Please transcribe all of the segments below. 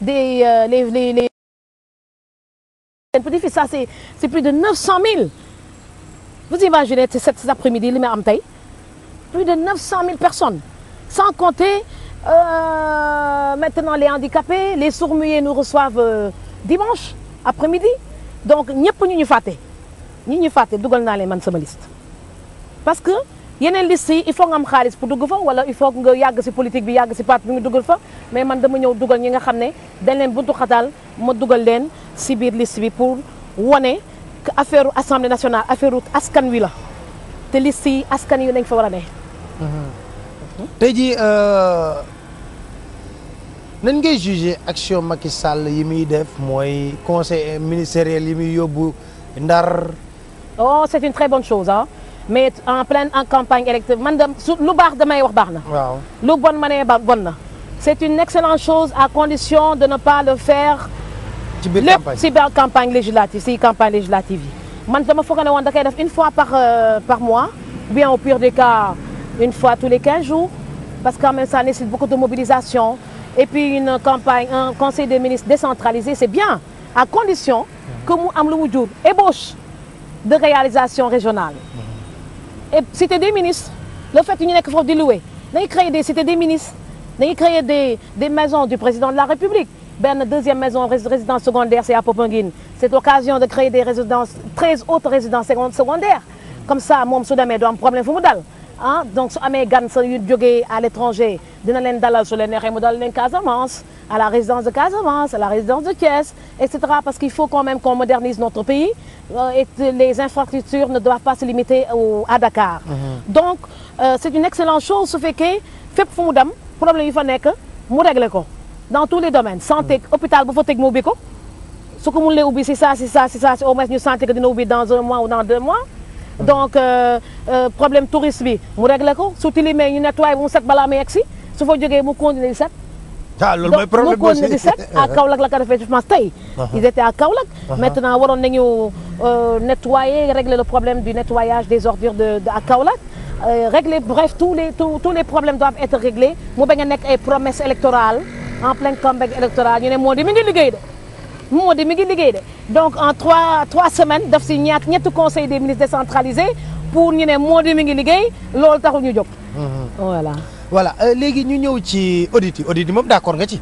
des euh, les les les petit-fils ça c'est c'est plus de cent 000 vous imaginez cet après-midi li ma am tey plus de cent mille personnes sans compter euh, maintenant les handicapés les sourds-muets nous reçoivent euh, dimanche après-midi donc ñëpp ñu ñu fàtte ñi ñu fàtte dugal naa leen man sama liste parce que yeneen liste yi il faut nga am xaalis pour dugg fa wala il faut nga yàgg si politique bi yàgg si parti bi nga duggal fa mais man dama ñëw dugal ñi nga xam ne dañ leen buntu xataal ma dugal leen si biir liste bi pour wane que affaire assemblée nationale affaire askan wi la te liste yi askan yi nañ fa war a ne. tey jii euh, nan ngay juger action Macky yi muy def mooy conseil ministériel yi muy yóbbu Ndar. oh c'est une très bonne chose mais en pleine en campagne électorale man dem su lu baax damay wax baax na. waaw lu bon ma ne ba bon na. c'est une excellente chose à condition de ne pas le faire. ci biir campagne lépp ci biir campagne législative ci campagne législative yi. man dama foog woon da koy une fois par euh, par mois bien au pire des cas une fois tous les 15 jours parce que quand même ça nécessite beaucoup de mobilisation et puis une campagne conseil des ministre décentralisé c'est bien à condition mm-hmm. que mu am lu mu jur ébauche de réalisation régionale. Mm-hmm. et cité des le fait ñu nekk foofu di louer dañuy créer des cités des ministres dañuy créer des du président de la république benn deuxième maison résidence secondaire c'est à Popenguine c'est l'occasion de créer des résidences treize autres résidences secondaires comme ça moom su demee du am problème fu mu dal ah. donc su amee gan sa yu jógee à l'étranger dina leen dalal su leen neexee mu dal leen à la résidence de Casamance, à la résidence de Thiès, etc. Parce qu'il faut quand même qu'on modernise notre pays euh, et les infrastructures ne doivent pas se limiter au, à mhm. Donc, euh, c'est une excellente chose su fekkee fépp fu mu dem problème yi fa nekk mu réglé ko dans tous les domaines santé mhm. hôpital bu fa teg mu ubbi ko su ko mënulee ubbi si saa si saa si saa si au moins ñu santé que dina dans un mois ou dans deux mois mhm. donc euh, euh, problème touriste bi mu réglé ko su tilimee ñu nettoyé bu mu set balaa muy egsi su fa ah loolu mooy problème donc mu continué di seet à Kaolack la ko defee je pense tey. Uh-huh. ils étaient à Kaolack. Uh-huh. maintenant waroon nañu euh, nettoyer régler le problème du nettoyage des ordures de de à Kaolack. Euh, régler bref tous les tous tous les problèmes doivent être réglés mu bañ a nekk ay promesses électorales en plein campagne électorale ñu ne moo di mi ngi liggéey de. moo di mi ngi liggéey de donc en trois trois semaines daf si ñaat ñetti conseil des ministres décentralisé pour ñu ne moo di mi ngi liggéey loolu taxul ñu jóg. Mm-hmm. voilà. voilà euh, léegi ñu ñëw ci audit yi audit yi moom d' nga ci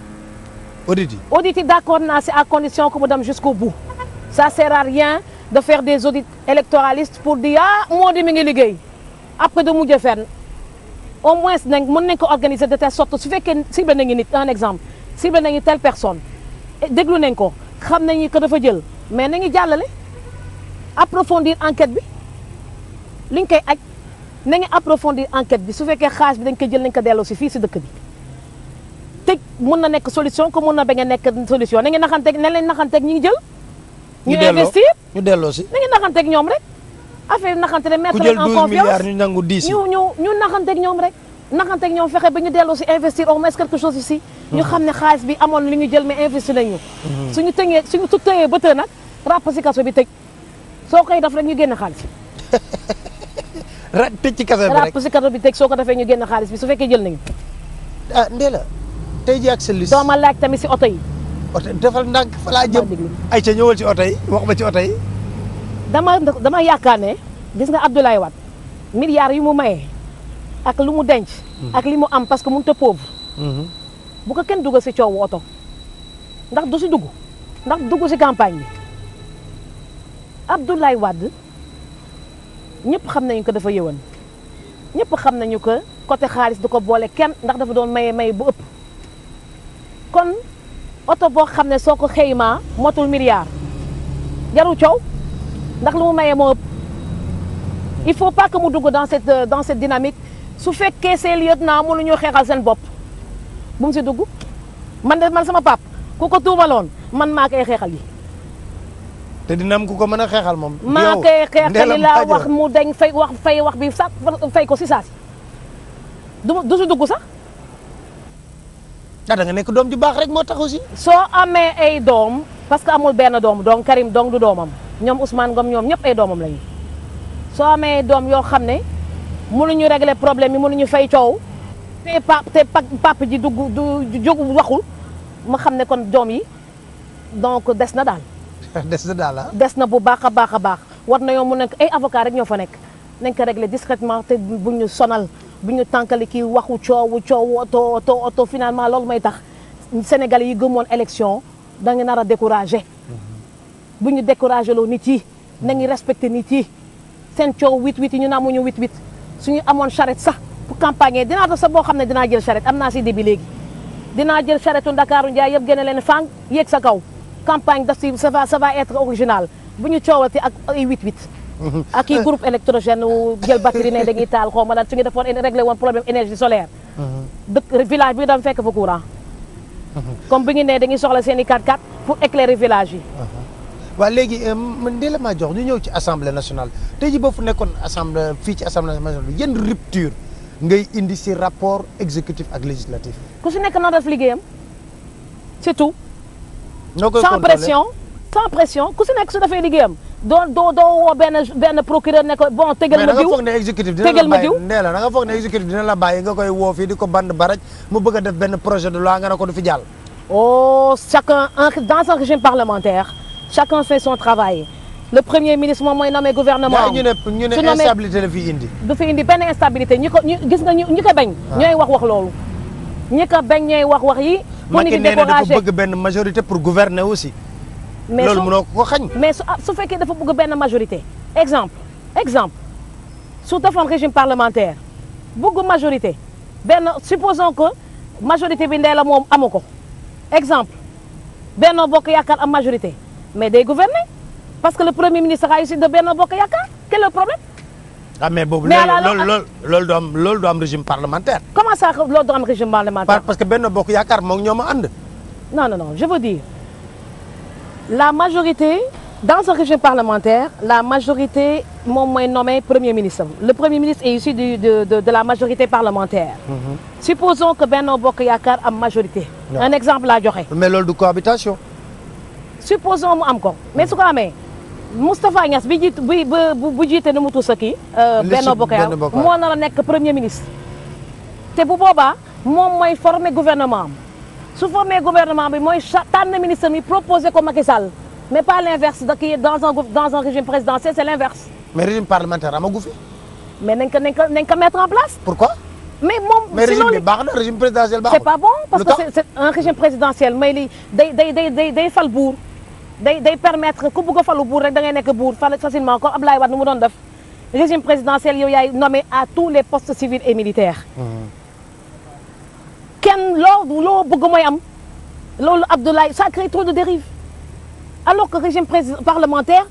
audit yi. audit yi d' accord naa si à condition que mu dem jusqu'au bout ça sert à rien de faire des audits électoraliste pour di ah moo di mi ngi liggéey après de mujj fenn au moins nag mën nañ ko organiser de telle sorte su fekkee ciblé nañu nit un exemple ciblé nañu telle personne eh, déglu nañ ko xam nañu que dafa jël mais nañu jàllale approfondir enquête bi liñ koy aj na nga approfondir bi su fekkee xaalis bi dañ koy jël ko delloo si si dëkk bi mun na nekk solution ko na bañ a nekk solution na ngeen naxanteeg ne leen naxanteeg ñi ngi jël. ñu investir ñu delloo si. na ngeen naxanteeg ñoom rek affaire naxante rek mettre en confiance ku jël 12 milliards ñu nangu 10. ñu ñu ñu naxanteeg ñoom rek. naxanteeg ñoom fexe ba ñu delloo si investir au moins quelque chose ici. ñu mm-hmm. xam ne xaalis bi amoon li ñu jël mais investir su ñu. Mm-hmm. suñu tëñee suñu tëyee ba tëj nag rapp si kaso bi tëj soo koy daf rek ñu génn xaalis ra tëj ci kaso bi rek ràpp si kaso bi teg soo ko defee ñu génn xaalis bi su fekkee jël nañu ah ndee la tey ji ak sa ma laaj tamit si oto yi oto defal ndànk fa laa jëm ay ca ci oto yi wax ma ci oto yi dama dama yaakaar ne gis nga Abdoulaye Wade milliards yi mu maye ak lu mu denc hmm. ak li mu am parce que mënut a pauvre hmm. bu ko kenn dugg si coowu wooto ndax du si dugg ndax dugg si campagne bi Abdoulaye Wade ñëpp xam nañu ko dafa yëwan ñëpp xam nañu ko côté xaalis di ko boole kenn ndax dafa doon maye may bu ëpp kon oto boo xam ne soo ko xëymaa motul milliard jaru coow ndax lu mu maye moo ëpp il faut pas que mu dugg dans cette dans cette dynamique su fekkee seen lieutenant ñu xeexal seen bopp bu mu si dugg man de man sama pap ku ko tuubaloon man maa koy xeexal yi te dina am ku ko mën a xeexal moom. maa koy xeexal li laa wax mu dañ fay wax fay wax bi sax fay ko si saa si du si dugg sax. ah nga nekk doom ju baax rek moo tax aussi. soo amee ay doom parce que amul benn doom donc Karim dong du doomam ñoom Ousmane Ngom ñoom ñëpp ay doomam lañu soo amee doom yoo xam ne mu mënuñu régler problème yi mënuñu fay coow te pa te papa ji dugg du jóg waxul ma xam ne kon doom yi donc des na daal. des na daal ah. des na bu baax a baax a baax war na yow mu nekk ay avocat rek ñoo fa nekk nañ ko réglé discrètement te bu ñu sonal bu ñu tànkali kii waxu coowu coowu oto oto oto finalement loolu may tax Sénégal yi gëmoon élection da nga nar a découragé mm-hmm. bu ñu découragé loo nit yi nañu respecté nit yi seen coow wit wit yi ñu naa muñu wit wit ñu amoon charrette sax pour campagne dinaa sa boo xam ne dinaa jël charrette am naa si début léegi dinaa jël charrette Ndakaaru Ndiaye yëpp génne leen fang yéeg sa kaw campagne daf si ça va ça va être original bu ñu coowati ak ay 88. ak i groupe électrogène jël batterie ne dañuy taal xaw ma daal su ñu defoon réglé woon problème énergie solaire. Mhm. dëkk village bi dam fekk fa courant. Mhm. comme bi ngi ne dañuy soxla seen i 4x4 pour éclairer village yi. Mhm. waaw léegi euh, Ndella Madior ñu ñëw ci assemblée national tey ji boo fu nekkoon assemblée fii ci assemblée nationale yenn rupture ngay indi si rapport exécutif ak législatif. ku si nekk noo def sans pression sans pression ku si nekk su defee liggéeyam doo doo doo woo benn benn procureur ne ko bon tegal ma diw tegal ma diw nee la da nga foog ne exécutif dina la bàyyi nga koy woo fii di ko band baraj mu bëgg a def benn projet de loi nga ne ko du fi oh chacun dans un régime parlementaire chacun fait son travail le premier ministre mooy nommé gouvernement ñu ne ñu ne instabilité la fi indi du fi indi benn instabilité ñi ko ñu gis ñu ñi ko bañ ah. loolu ñi yi bu nit di découragé Macky nee na dafa bëgg benn majorité pour gouverner aussi. mais loolu mënoo ko xañ. mais su ah, su fekkee dafa bëgg benn majorité exemple exemple su defoon régime parlementaire bëgg majorité benn supposons que majorité bi la moom amu ko exemple benn Bokk Yaakaar am majorité mais day gouverner parce que le premier ministre a issu de Benno Bokk Yaakaar quel est le problème. ah mais boobu loolu loolu loolu loolu du am régime parlementaire. comment ça loolu du am régime parlementaire. parce que Benno Bokk Yaakaar moom ñoo ma non non non je veux dire la majorité dans un régime parlementaire la majorité moom mooy nommé premier ministre le premier ministre est issu de la majorité parlementaire. Mm -hmm. supposons que Benno Bokk Yaakaar am majorité. Non. un exemple laa joxe. mais loolu du cohabitation. supposons mu am ko mais su ko Moustapha Niass bi jiit bi bu jiite nu mu tudd sa kii. Euh, Benno Bokk Yaakaar moo nekk premier ministre. te bu boobaa moom mooy former gouvernement am su former gouvernement bi mooy tànn ministre mi proposé ko Macky Sall mais pas l' inverse da kii dans un dans un régime présidentiel c' est l' inverse. mais régime parlementaire amagu fi. mais nañ ko nañ ko nañ ko mettre en place. pourquoi. mais moom mais régime bi baax na régime présidentiel baaxul. c' est pas bon parce que c' est un régime présidentiel may li day day day day fal buur. day day permettre ku bugg a falu buur rek da ngay nekk buur facilement comme Abdoulaye Wade nu mu doon def régime présidentiel yow yaay nommé à tous les postes civils et militaires. Mm-hmm. kenn loo loo bëgg mooy am loolu Abdoulaye ça crée trop de dérives alors que régime parlementaire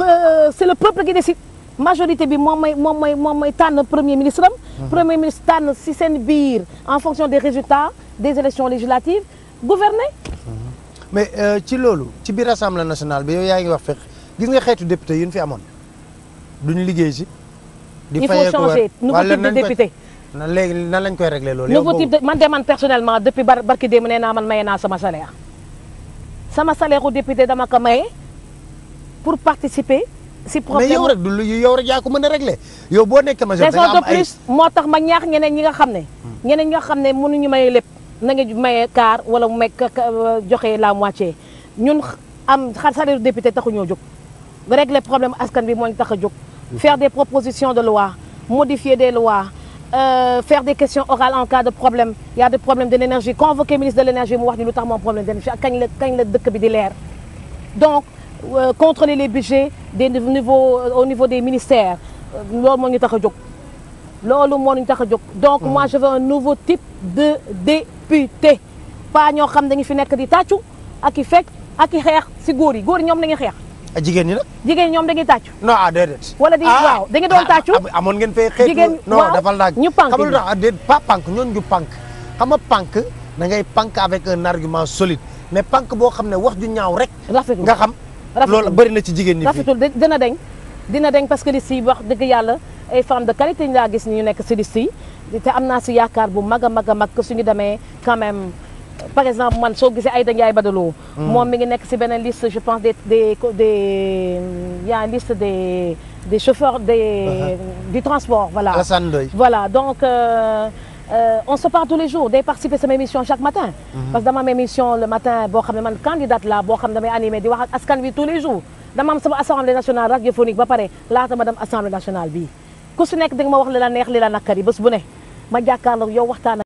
euh, c'est le peuple qui décide majorité bi moom mooy moom mooy moom mooy tànn premier ministre am. Mm-hmm. premier ministre tànn si seen biir en fonction des résultats des élections législatives gouverner. Mm-hmm. mais euh, ci loolu ci biir assemblée nationale bi yow yaa ngi wax fekk gis nga xeetu député yi ñu fi amoon duñu liggéey si. di fayee ko war il faut changer nouveau type de député. na léegi nan lañ koy réglé loolu. nouveau type de man de man personnellement depuis bar barki démb nee naa man maye naa sama salaire. sama salaire u député dama ko maye pour participer. si problème yow rek du yow rek yaa ko mën a réglé yow boo nekkee majorité nga am moo tax ma ñaax ñeneen ñi nga xam ne. Hmm. ñeneen ñi nga xam ne mënuñu maye lépp. na nga maye quart wala mu may joxe la moitié ñun am salaire député taxuñoo jóg régler problème askan bi moo ñu tax a jóg faire des propositions de loi modifier des lois Euh, des questions orales en cas de problème y a des problèmes de l'énergie convoquer ministre de l'énergie mu wax ñu lu tax moom problème d'énergie ak kañ la dëkk bi di leer donc euh, contrôler les budgets des niveaux euh, au niveau des ministères euh, loolu moo ñu tax a jóg loolu moo ñu tax a jóg donc mmh. moi de député pas ñoo xam dañu fi nekk di tàccu ak i fecc ak i xeex si góor yi góor yi ñoom dañuy xeex. Ah, jigéen ñi nag. jigéen ñi ñoom dañuy tàccu. non ah déedéet. wala di ah, waaw dañu doon ah, tàccu. amoon ngeen fay xeetu jigéen non dafa laaj. ñu pànk xam nga déet pas pànk ñoon ñu pànk xam nga pànk boo xam ne wax ju ñaaw rek. rafetul nga xam lool bëri na ci jigéen ñi. rafetul na deñ dina deñ parce que liste yi wax dëgg yàlla ay femmes de qualité ñu laa gis ñu nekk si liste yi te am naa si yaakaar bu mag a mag a mag que suñu demee quand par exemple man soo gisee Aïda Ndiaye Badaloo hmm. moom mi ngi nekk si beneen liste je pense des des des uh-huh. transport voilà donc euh, euh, on se parle tous les jours day participer sama émission chaque matin mm-hmm. parce que dama am émission le matin boo xam ne man candidate la boo xam damay animé di wax askan wi tous les jours dama am sama assemblée nationale radiophonique ba pare laata ma dem assemblée nationale ku si nekk di ma yi bés bu ne ma jàkkaarloog yow waxtaan